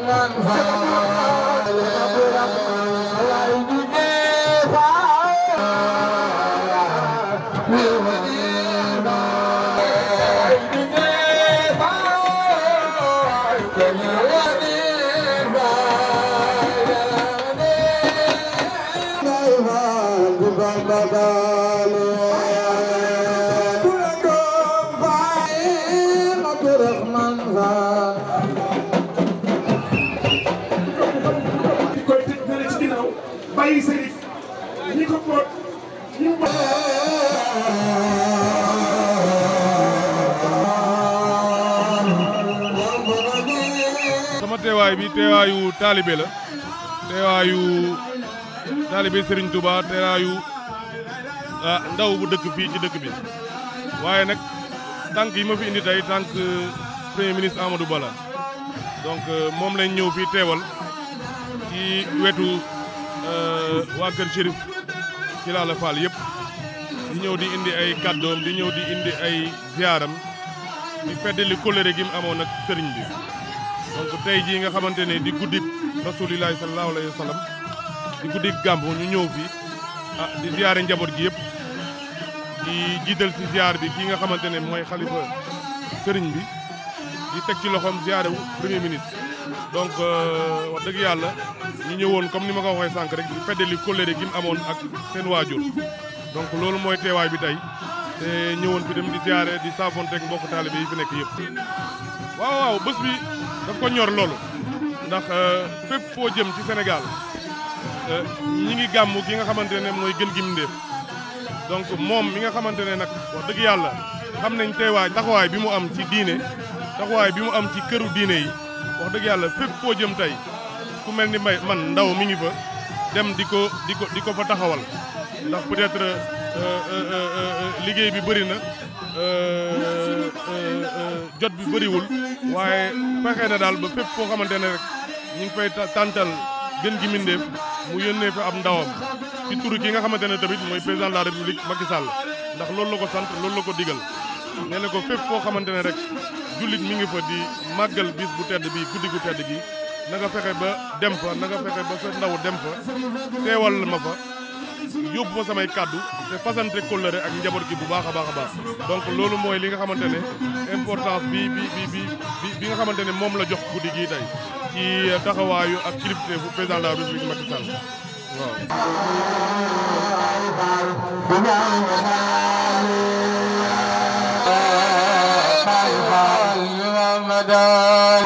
من فعل bàyyi sama teewaay bi teewaayu taalibe la teewaayu taalibe Serigne Touba teewaayu ah, ndaw bu dëkk fii ci dëkk bi waaye nag tànk yi ma fi indi tey tànk premier ministre Amadou Ba la euh, moom lañ ñëw fii teewal ci wetu. Euh, waa Kër Chérif ci laa la yëpp di ñëw di indi ay kàddoom di ñëw di indi ay ziaram di feddali kóllëre gi mu amoon ak sëriñ bi donc tey jii nga xamante ne di guddik rasulillahi sallallahu alayhi wa sallam di guddik gàmb ñu ñëw fi ah di ziare njaboot gi yëpp di jiital ci ziar bi kii nga xamante ne mooy xalifa sëriñ bi di teg ci loxoom ziare wu premier donc euh, wax dëgg yàlla ñu ñëwoon comme ni ma ko waxee sànq rek di feddali colère gi amoon ak seen waajur donc loolu mooy teewaay bi tey te ñëwoon fi dem di ziare di saafonteeg mbokk taalibe yi fi nekk yëpp waaw waaw bi daf ko ñor loolu ndax euh, fépp foo jëm ci Sénégal euh, ñi ngi gàmm gi nga xamante ne mooy gën gi mu ndéef donc moom mi nga xamante ne nag wax dëgg yàlla xam nañ teewaay taxawaay bi mu am ci diine taxawaay bi mu am ci këru diine yi wax dëgg yàlla fépp foo jëm tey ku mel ni may man ndaw mi ngi fa dem di ko di ko di ko fa taxawal ndax peut-être euh, euh, euh, liggéey bi bëri na jot bi bëriwul waaye fexe na daal ba fépp foo xamante ne rek ñu ngi fay tàntal gën gi mindeef mu yónnee fa ab ndawam ci turu ki nga xamante ne tamit mooy président de la république Macky Sall ndax loolu la ko sant loolu la ko digal nee na ko fépp foo xamante ne rek jullit mi ngi fa di màggal bis bu tedd bi guddi gu tedd gi na nga fexe ba dem fa na nga fexe ba sa ndaw dem fa teewal ma fa yóbbu fa samay kàddu te fasante kóllëre ak njaboot gi bu baax a baax a baax donc loolu mooy li nga xamante ne importance bi bi bi bi bi nga xamante ne moom la jox guddi gii tey ci taxawaayu ak kilifte bu président de la république Macky wa waaw Galo.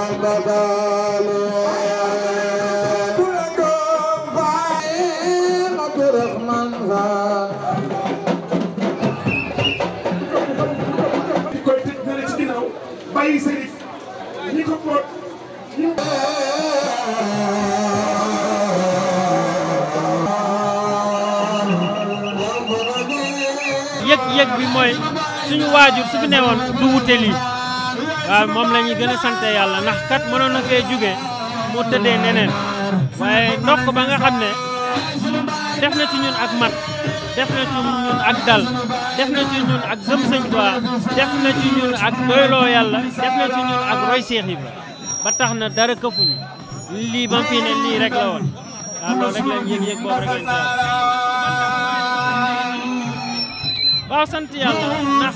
yëg-yëg bi mooy suñu waajur su fi newoon du wute lii waaw moom la ñuy gën a sant yàlla ndax kat mënoon na fee jóge mu tëddee neneen waaye ndokk ba nga xam ne def na ci ñun ak mat def na ci ak dal def na ci ak gëm sëñ def na ci ñun ak doyloo yàlla def na ci ak roy Seex ba tax na dara këfuñu lii ba ne lii rek woon waaw loolu rek lañ yëg yëg boobu rek lañ waaw sant yàlla ndax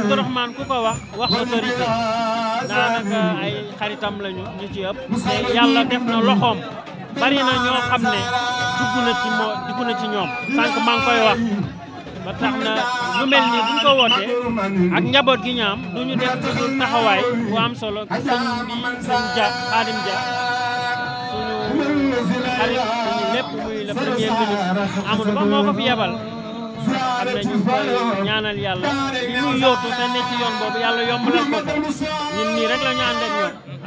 Abdourahmane ku ko wax wax autorité daanaka ay xaritam lañu ñu ci yàlla def na loxoom bari na ñoo xam ne dugg ci ñoom sànq maa koy wax ba na lu mel nii buñ ko ak njaboot gi ñaam du ñu def ci taxawaay bu am solo sëñ bi sëñ Dia Xaadim Dia suñu xarit suñu lépp muy le premier ministre Amadou Ba moo ko fi yebal am ñaanal yàlla li muy yootu te ne ci yoon boobu yàlla yombalal ko ñun nii rek la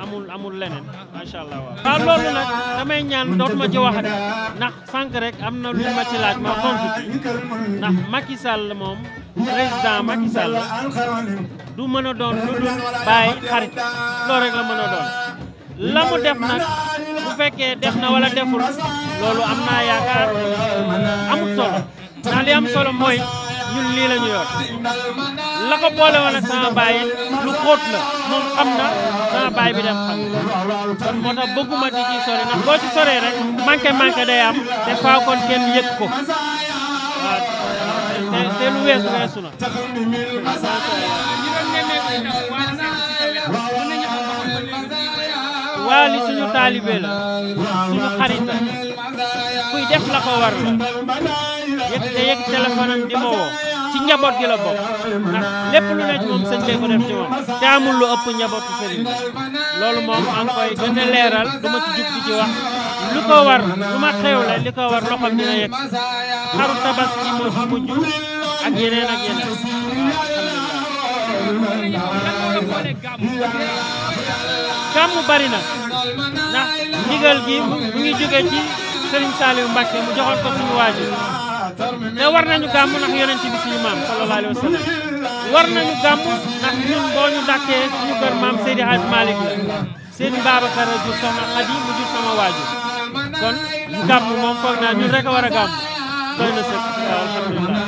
amul amul leneen loolu nag damay ñaan dootuma ci waxati ndax sànq rek am na lu ma ci laaj ma tontu ci ndax Macky moom président Macky Sall du mën a doon lu dul bàyyi xarit loolu rek mën a doon. la def nag bu fekkee def na wala deful loolu am naa yaakaar amul solo. ndax li am solo mooy ñun boole woon ak sama lu xóot la moom xam na sama baay bi dem xam kon moo tax bëgguma di ci sore ndax boo ci te faaw kon kenn yëg ko waaw te te lu weesu weesu na. waali suñu taalibe la suñu xarit la kuy def la ko yëg te yëg di ma woo ci njaboot gi la bokk ndax lépp lu ne ci moom sëñ bee ko def te amul lu ëpp njabootu sëriñ loolu moom an koy gën a leeral wax lu ko war lu ma xewle li ko war loxoom dina yëg xaru ak yeneen ak yeneen gàmmu bari na ndax ndigal gi mu ngi jóge ci Serigne Saliou Mbacké mu joxoon ko suñu waajur te war nañu gàmm ndax yonent bi suñu maam sallallahu alayhi wa sallam war nañu gàmm ndax ñun boo ñu dàkkee suñu kër maam Seydi Hadj Malick la Seydi Babacar a jur soxna Xadi mu jur sama waajur kon gàmm moom foog naa ñun rek a war a gàmm doy na